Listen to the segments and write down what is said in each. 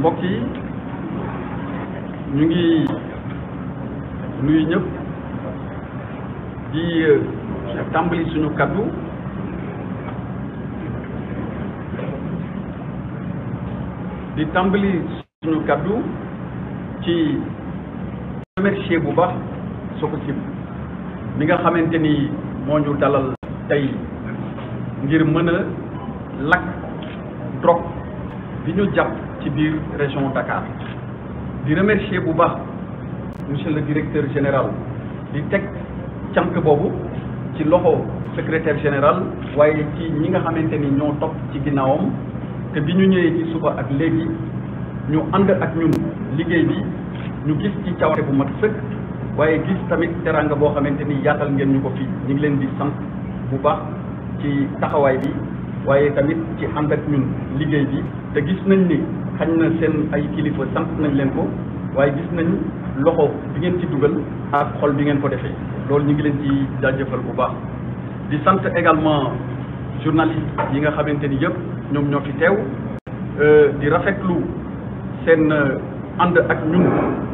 mbokk yi ñu ngi nuyu ñëpp di euh, tàmbali suñu kàddu di tàmbali suñu kàddu ci remercier bu baax Sococim mi nga xamante ni moo ñu dalal tey ngir mën a lakk drogue bi ñu jàpp ci biir région Dakar di remercier bu baax monsieur le directeur général di teg cant boobu ci loxo secrétaire général waaye ci ñi nga xamante ni ñoo topp ci ginnaawam te bi ñu ñëwee ci suba ak léegi ñu ànd ak ñun liggéey bi ñu gis ci cawarte bu mat sëkk waaye gis tamit teraanga boo xamante ni yaatal ngeen ñu ko fii ñu ngi leen di sant bu baax ci taxawaay bi waaye tamit ci ànd ak ñun liggéey bi te gis nañ ni xañ na seen ay kilifa sant nañ leen ko waaye gis nañ loxo bi ngeen ci dugal ak xol bi ngeen ko defee loolu ñu ngi leen ci daajëfal bu baax di sant également journaliste yi nga xamante ni yëpp ñoom ñoo fi teew euh, di rafetlu seen euh, ànd ak ñun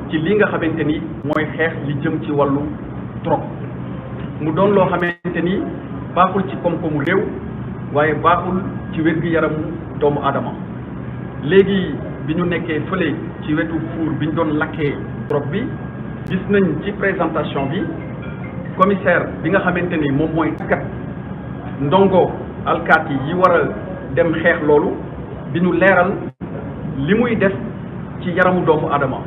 ci li nga xamante ni mooy xeex li jëm ci wàllu drogue mu doon loo xamante ni baaxul ci koom-koomu réew waaye baaxul ci wér-gu-yaramu doomu aadama léegi bi ñu nekkee fële ci wetu four bi ñu doon lakkee trop bi gis nañ ci présentation bi commissaire bi nga xamante ni moom mooy kat ndongo alkaati yi war a dem xeex loolu bi ñu leeral li muy def ci yaramu doomu aadama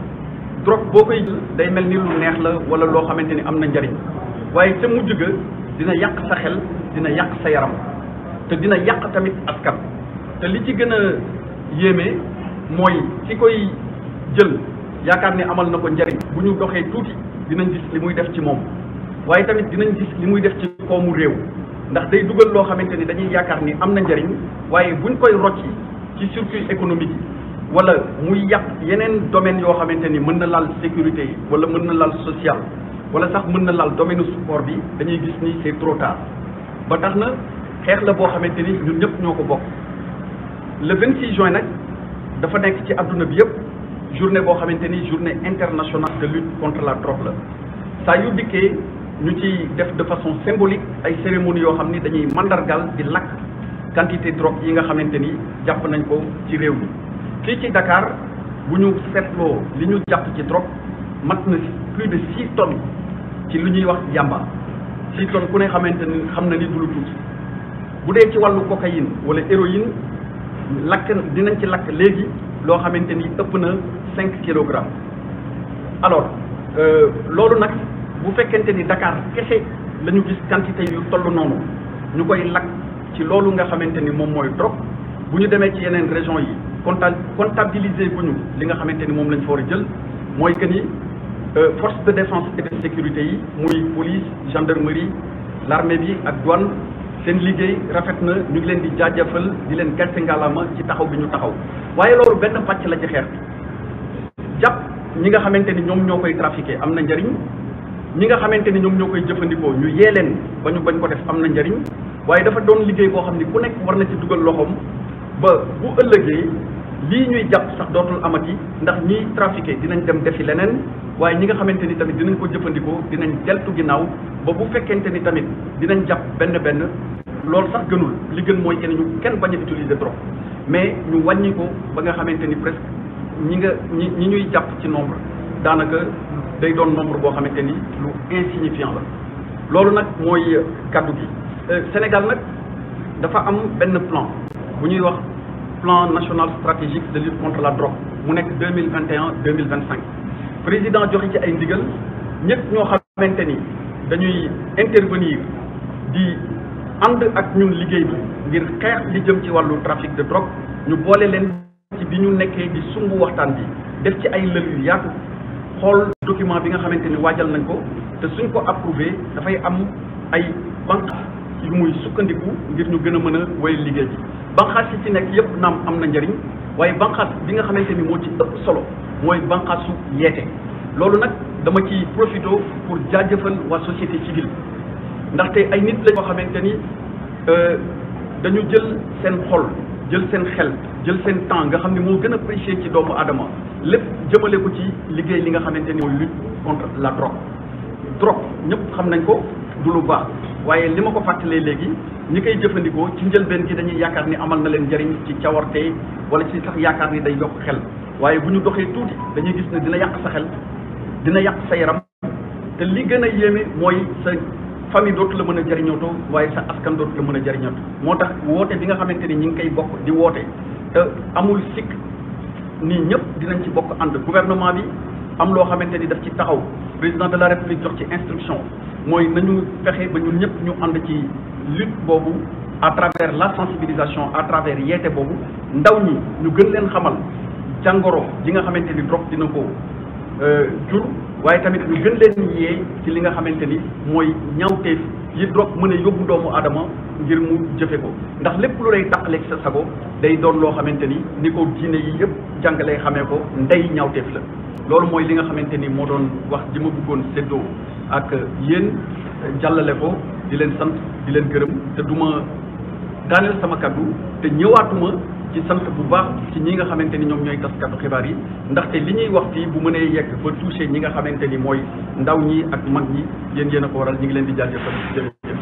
drogue boo koy day mel ni lu neex la wala loo xamante ni am na njariñ waaye ca mujj ga dina yàq sa xel dina yàq sa yaram te dina yàq tamit askan te li ci gën a yéeme mooy ki koy jël yaakaar ni amal na ko njariñ bu ñu doxee tuuti dinañ gis li muy def ci moom waaye tamit dinañ gis li muy def ci koomu réew ndax day dugal loo xamante ni dañuy yaakaar ni am na njariñ waaye buñ koy yi ci circuit économique yi wala muy yàq yeneen domaine yoo xamante ni mën na laal sécurité yi wala mën na laal social wala sax mën na laal domaine sport bi dañuy gis ni c'est trop xeex la boo xamante ni ñun ñëpp ñoo ko bokk le 26 juin nag dafa nekk ci àdduna bi yëpp journée boo xamante ni journée internationale de lutte contre la drogue la saa yu dikkee ñu ci def de façon symbolique ay cérémonie yoo xam ni dañuy mandargal di lakk quantité drogue yi nga xamante ni jàpp nañ ko ci réew mi fii ci Dakar bu ñu seetloo li ñu jàpp ci trop mat na plus de six tonnes ci li ñuy wax yàmba six tonnes ku ne xamante ni xam na ni du lu tuuti bu dee ci wàllu cocaïne wala héroïne lakk dinañ ci lakk léegi loo xamante ni ëpp na cinq kilogrammes alors euh, loolu nag bu fekkente ni Dakar kese lañu gis quantité yu toll noonu ñu koy lakk ci loolu nga xamante ni moom mooy drogue bu ñu demee ci yeneen région yi compta comptabiliser guñu li nga xamante ni moom lañ fa a jël mooy que ni euh, force de défense et de sécurité yi muy police gendarmerie l'armée bi ak douane seen liggéey rafet na ñu ngi leen di jaajëfal di leen gàcce ngalaama ci taxaw bi ñu taxaw waaye loolu benn pàcc la ci xeex jàpp ñi nga xamante ni ñoom ñoo koy trafiqué am na njariñ ñi nga xamante ni ñoom ñoo koy jëfandikoo ñu yee leen ba ñu bañ ko def am na njëriñ waaye dafa doon liggéey koo xam ni ku nekk war na ci dugal loxoom ba bu ëllëgee lii ñuy jàpp sax dootul yi ndax ñiy trafiqué dinañ dem defi leneen. waaye ñi nga xamante ni tamit dinañ ko jëfandikoo dinañ deltu ginnaaw ba bu fekkente ni tamit dinañ jàpp benn benn loolu sax gënul li gën mooy kenn ñu kenn bañ utiliser trop mais ñu wàññi ko ba nga xamante ni presque ñi nga ñi ñi ñuy jàpp ci nombre daanaka day doon nombre boo xamante ni lu insignifiant la loolu nag mooy kaddu gi euh, Sénégal nag dafa am benn plan bu ñuy wax plan national stratégique de lutte contre la drogue mu nekk deux mille vingt et un président joxe ci ay ndigal ñëpp ñoo xamante ni dañuy intervenir di ànd ak ñun liggéey bi ngir xeex li jëm ci wàllu trafic de drogue ñu boole leen ci bi ñu nekkee di sumb waxtaan bi def ci ay lël yu yaatu xool document bi nga xamante ni waajal nañ ko te suñ ko approuvé dafay am ay banqaas yu muy sukkandiku ngir ñu gën a mën a wéyal liggéey bi banqaas yi ci nekk yépp naam am na njariñ waaye banqaas bi nga xamante ni moo ci ëpp solo mooy banqaasu yeete loolu nag dama ci profito pour jaajëfal waa société civile ndaxte ay nit la ñoo xamante ni euh, dañu jël seen xol jël seen xel jël seen temps nga xam ne moo gën a précieux ci doomu aadama lépp jëmale ko ci liggéey li nga xamante ni mooy lutte contre la drop drogue ñëpp xam nañ ko du lu baax waaye li ma ko fàttalee léegi ñi koy jëfandikoo ci njëlbeen gi dañuy yaakaar ni amal na leen njëriñ ci cawarte wala ci sax yaakaar ni day yokk xel waaye bu ñu doxee tuuti dañuy gis ne dina yàq sa xel dina yàq sa yaram te li gën a yéeme mooy sa famille dootu la mën a jëriñootoo waaye sa askan dootu la mën a jëriñootoo moo tax woote bi nga xamante ni ñi ngi kay bokk di woote te amul sikk nii ñëpp dinañ ci bokk ànd gouvernement bi am loo xamante ni daf ci taxaw président de la république jox ci instruction mooy nañu fexe ba ñu ñëpp ñu ànd ci lutte boobu à travers la sensibilisation à travers yeete boobu ndaw ñi ñu gën leen xamal jàngoro ji nga xamante ni drogue dina ko euh, jur waaye tamit ñu gën leen yee ci li nga xamante ni mooy ñawteef yi drogue mën a yóbbu doomu aadama ngir mu jëfe ko ndax lépp lu lay tàqaleeg sa sago day doon loo xamante ni ni ko diine yi yëpp jàngalee xamee ko ndey ñawteef la loolu mooy li nga xamante ni moo doon wax di ma bëggoon séddoo ak yéen jàllale ko di leen sant di leen gërëm te duma daaneel sama kaddu te ñëwaatuma ci sant bu baax ci ñi nga xamante ni ñoom ñooy taskatu xibaar yi ndaxte li ñuy wax fii bu mënee yegg ba touché ñi nga xamante ni mooy ndaw ñi ak mag ñi yéen yéen a ko waral ñu ngi leen di jaajëfal jërëjëf